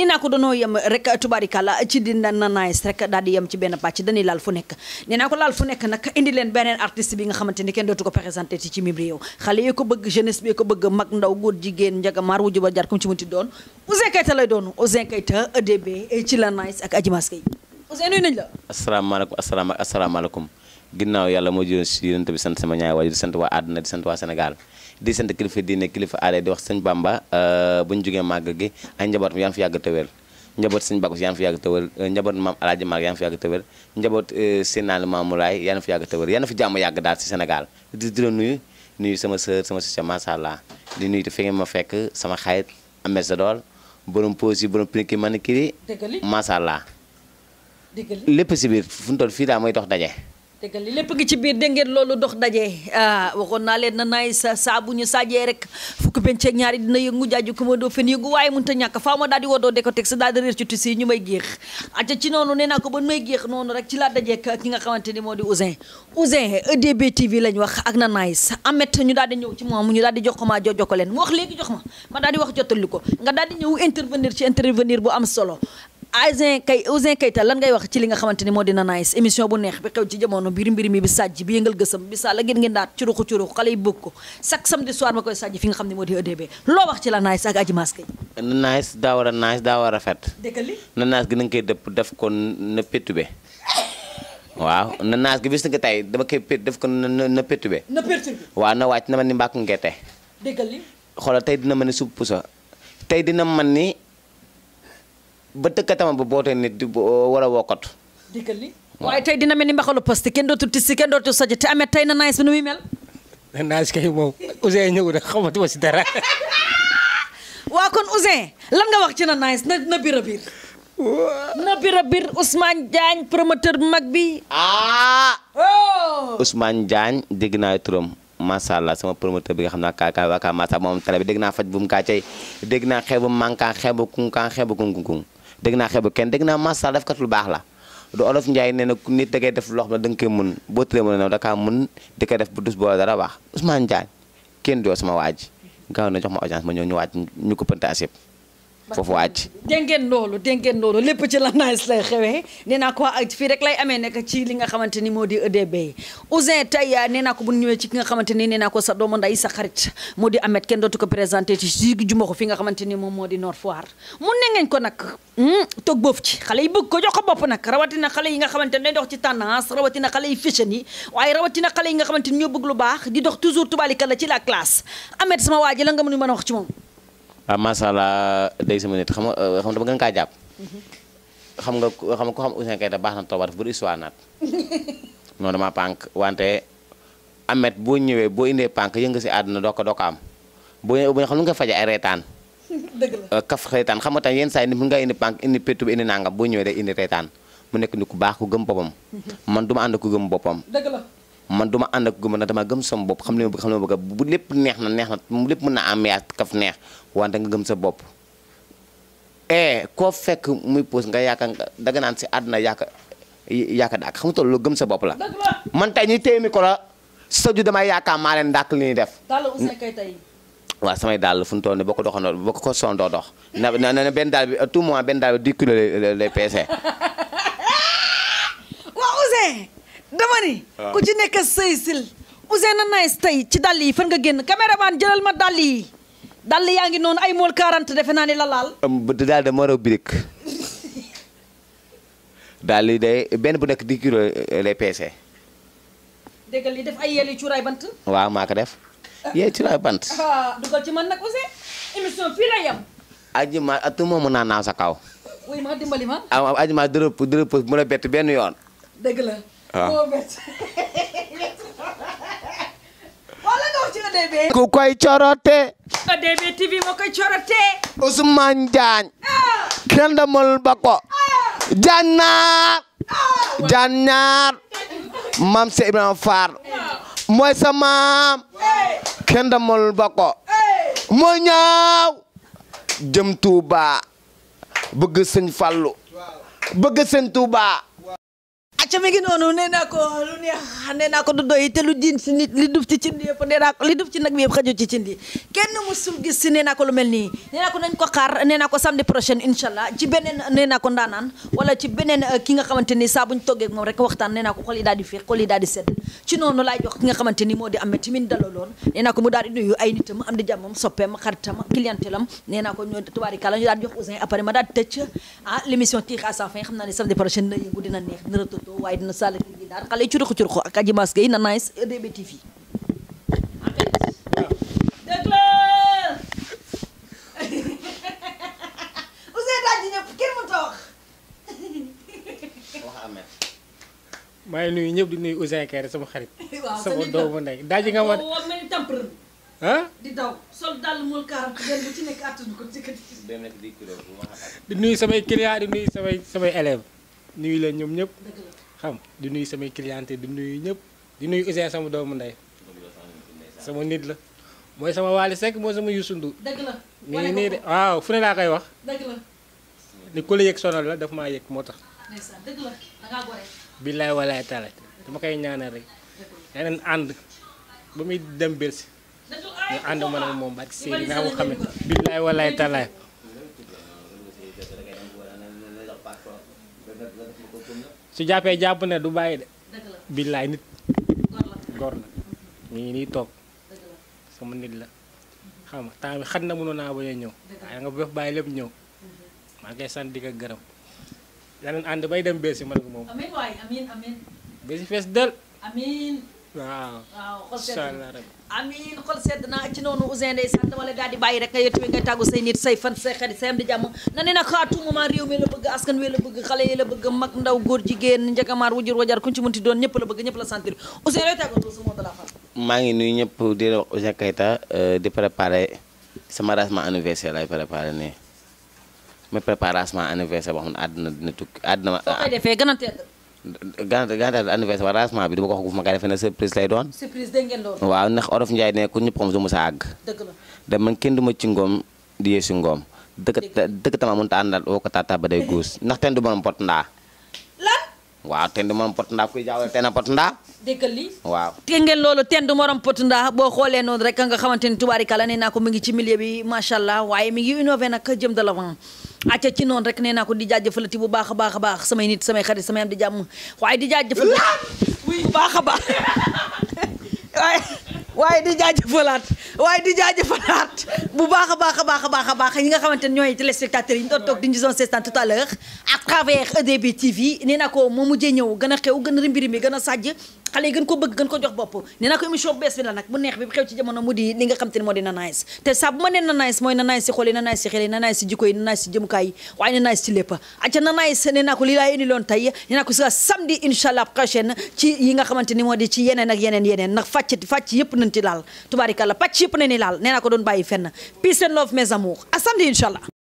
ni naa ko danoo yem rek tubarikala ci di na nice rek daal di yem ci benn pàcc dañuy laal fu nekk nee naa ko laal fu nekk nag indi leen beneen artiste bi nga xamante ni kenn dootu ko présenté ci ci mim réew xale yi ko bëgg jeunesse bi ko bëgg mag ndaw góor jigéen njagamaar wuju ba jar kum ci munti doon Ouzin Keita lay doon Ouzin Keita EDB ci la nice ak Adji Mass Gueye Ouzin nuyu la asalaamaaleykum ginnaaw yàlla moo jëloon si yonent bi sant sama ñaari sant waa àdduna di sant waa Sénégal di sant kilifa diine kilifa aada di wax sëñ Bamba euh, bu ñu jógee màgg gi ay njaboot yaa ngi fi yàgg te wér njaboot sëñ Bakku yaa ngi fi yàgg te euh, njaboot maam Alaaji Maag yaa fi yàgg te wér njaboot euh, Sénaal Maamu Laay yaa ngi fi yàgg te yaa ngi fi jàmm yàgg daal si Sénégal di di la nuyu nuyu sama sœur sama sœur macha allah di nuyu te fi ma fekk sama xarit amee sa dool borom pause yi borom piniki manikiri macha allah lépp si biir fu mu toll fii daal mooy dox daje dëggal li lépp ngi ci biir dégg ngeen loolu dox daje ah, waxoon naa leen na naay saa bu ñu saajee rek fukki penceeg ñaari dina yëngu jaaju ko ma doo fen yëngu waaye mënut a ñàkk faaw ma daal di wodoo de teg sa daal di réer ci tusi ñu may géex aca ci noonu nee naa ko ban may géex noonu rek ci laa dajeek ki nga xamante ni moo di Ousin Ousin EDB TV lañ wax ak na naay sa amet ñu daal di ñëw ci moom ñu daal di jox ko maa jox ko leen mu wax léegi jox ma ma daal di wax jottali ko nga daal di ñëw intervenir ci intervenir bu am solo Ouzin Kay Ouzin Keita lan ngay wax ci li nga xamante ni moo dina nice émission bu neex bi xew ci jamono mbir mbir mi bi sàjj bi yëngal gësam bi sàlla ngeen ngeen daat curuxu curuxu xale yi bëgg ko chaque samedi soir ma koy nga xam ne moo di EDB loo wax ci la nice ak Adji Mass Gueye daa war a nice daa war a rafet dëggali na nice gi na nga koy dëpp def ko na waaw na nice gi bis nga tey dama koy pét def ko na pétube na pétube waaw na wàcc na ma ni mbàkk ngete dëggali xoolal tey dina ma ni supp pusa tey dina man ni ba tëkkatama ba bootee nit di uh, war a wokkatu. waaye tey dina mel ni mbaxalu poste kenn dootul tissi kenn dootul saje te amee tey na naaj bi nu muy mel. naaj kay moom Ousseyn ñëw rek xamatuma si dara. waa kon Ousseyn lan nga wax ci na naaj na na biir a biir. na mag bi. ah. Oh! Ousmane Diagne dégg naa turam. macha allah sama promoteur bi nga xam naa kaka kaa macha moom télé bi dégg naa faj bu mu kaa cay dégg naa xeebu mankaan xeebu kunkaan xeebu kunkunkun dégg naa xeebu kenn dégg naa masal def kat lu baax la du olof Ndiaye nee na nit da def loo xam ne da nga koy mën boo tëlee mën a da kaa mën di ko def bu dus boo dara baax Ousmane Diagne kenn doo sama waaj gaaw na jox ma audience ma ñëw ñu waaj ñu ko pëntaas yëpp foofu wàcc dégg ngeen loolu dégg ngeen loolu lépp ci la nice lay xewee nee naa ko ak fii rek lay amee nekk ci li nga xamante ni moo di EDB Ouzin tay ah, nee naa ko bu ñëwee ci nga xamante ni nee naa ko sa doomu nday sa xarit moo di Ameth kenn dootu ko présenté ci si jumaxu fi nga xamante ni moom moo di Nord Foire mun ne ngeen ko nag hmm, toog boof ci xale yi bëgg ko jox ko bopp nag rawatina xale yi nga xamante ne dox ci tendance rawatina xale yi fashion yi waaye rawatina xale yi nga xamante ni ñoo bëgg lu baax di dox toujours tubalikala ci la classe Ameth sama waa la nga mën a wax ci moom waaw ah, macha allah day sama nit xam nga euh, xam dama gën kaa jàpp. xam nga xam nga ko xam Ouzin Keita baax na tooba dafa bëri histoire naat non dama pànk wante amet boo ñëwee boo indee pànk yënga si àdduna doo ko doo ko am boo ñëwee xam lu nga faje ay reetaan dëgg la euh, kaf reetaan xam nga tam yenn saa yi mun nga indi pànk indi péttu bi indi nangam boo ñëwee day indi reetaan mu nekk ni ku baax ku gëm boppam man du ànd ku gëm boppam man du ma ànd ak gëm na dama gëm sama bopp xam li ma bëgg xam li ma lépp neex na neex na lépp mën na am kaf neex wante nga gëm sa bopp e koo fekk muy nga yaaka danga naan si àdduna yaaka yaaka daak xam nga loolu gëm sa bopp la man tey ñuy téye mi ko yaakaar maa leen dàkk li ñuy def waaw samay daal fu mu toll nii boo ko doxandoo boo ko sondoo dox na na na benn daal bi tout moment benn daal bi 10 kilos lay lay dama ah. ku ci nekk sëy sil Ousseynou Nice ci dàll yi fan nga génn caméraman jëlal ma dàll yi dàll yaa ngi noonu ay mool 40 defe naa ni la laal. bu daal de moro euh, def ay yéeli cuuraay bant. waaw maa ko def ah. yéeli cuuraay bant. Ah, dugal ci man nag Ousseynou émission fii la yem. aji ma atu naaw sa kaw. wuy ma dimbali ma. ah aji benn yoon. Ah. waaw ku koy corote. ODB TV moo koy corote. Ousmane Diagne. Ah. kenn ba ko. Ah. jannaar. jannaar. maam Seydou Ibrahima Fall. mooy sa maam. kenn demul ba ko. moo ñaaw. jëm Touba. bëgg sëñ Fallu. bëgg sëñ Touba. acca mi ngi noonu nee naa ko lu neex nee naa ko ci ko li duf ci nag bi yëpp xajul ci nga xamante ni saa bu ñu toggee ak noonu laay jox ki nga xamante moo di amee timin dalaloon nee ko mu daal nuyu ay nitam am di jàmmam soppeem xaritam clientèle am ko ñoo ñu daal jox Ouzin après ma daal di ah l' émission tire à sa fin xam naa ne samedi prochain na yëngu dina neex to widen sala kirji dar kala curuku curuku akaji mas gay na nice EDB TV maa ngi nuyu ñëpp di nuyu Ouzin Keïta sama xarit. sama doomu ndey daaji nga ma waaw waaw mel di daw sol dàll mul kaaram benn bu di nuyu samay clients di nuyu samay samay élèves nuyu ñoom ñëpp. xam di nuyu samay cliente di nuyu ñëpp di nuyu Ouzin sama doomu ndey sama nit la mooy sama Wally Seck moo sama Youssou Ndour dëgg nii de waaw fu ne laa koy wax dëgg la ni ku la yëg sonal la daf maa yëg moo tax dëgg la da ngaa billaay walaay taala koy ñaanal rek yeneen muy dem Bercy ñu ànd su jàppee jàpp na du bàyyi de. billaay nit góor la ñu ngi nii toog sama nit la xam nga temps bi xat na mënoon naa bañ a ñëw waaye nga def bàyyi lépp ñëw maa ngi koy sant di ko gërëm yeneen ànd bay dem beesi man moom. beesi fees del. waaw waaw xol sedd amiin xol sedd naa ci noonu Ouzin ndeysaan dama la daal di bàyyi rek nga yow tamit ngay tàggu say nit say fan say xarit say am di jàmm na ne nag à réew mi la bëgg askan wi la bëgg xale yi la bëgg mag ndaw góor jigéen njagamaar wujur wajar ku ci mun ti doon ñëpp la bëgg ñëpp la sentir Ouzin looy tàggatoo la fin maa ngi nuyu ñëpp di la wax Ouzin Keita euh, di préparer sama rasement anniversaire lay préparer nii ma préparer rasement anniversaire xam ne àddina tukki àddina ma. soo koy defee gën a tedd gàncax gàncax a lancement bi du ma ko wax guuf ma kay defe na surprise lay doon. waaw ndax olof Ndiaye ne ku ñëpp xam du mu sa àgg. dëgg la kenn du ma ci ngoom di yee si ngoom. dëgg dëgg tamit mënut a àndal woo ko tata ba day guus ndax ten du ma ndaa. waaw tend morom Potonda kuy jaawale tena Potonda. déggal lii waaw. dégg ngeen loolu tend morom Potonda boo xoolee noonu rek nga xamante ni tubaarikàlla nee naa ko mi ngi ci milieu bi macha allah waaye mi ngi innové nag jëm de l'avant acca ci noonu rek nee naa ko di jaajëfalati bu baax a baax a baax samay nit samay xarit samay am di jàmm waaye di jaajëfal. bu baax a baax. waaye di jaaj jaajëfalaat waaye di jaajëfalaat bu baax a baax a baax a baax a baax ñi nga xamante ne ñooy téléspectateurs yi ñu doon toog di ñu doon seetaan tout à l'heure à travers EDB TV nee na ko moo mujjee ñëw gën a xew gën a rimbi rimbi gën a sàjj xale yi gën ko bëgg gën ko jox bopp nee naa ko émission bees bi la nag bu neex bi xew ci jamono mu di nga xam te ne moo te saa bu ma nee Nanays mooy Nanays si xol yi Nanays si xel yi Nanays si jikko yi Nanays si jëmukaay yi waaye Nanays si lépp aca Nanays loon tey nee naa ko si samedi inchallah prochaine ci yi nga xamante ni moo ci yeneen ak yeneen yeneen ndax fàcc fàcc ci laal tubaarikàlla pàcc yëpp nañ ni laal nee doon bàyyi fenn peace and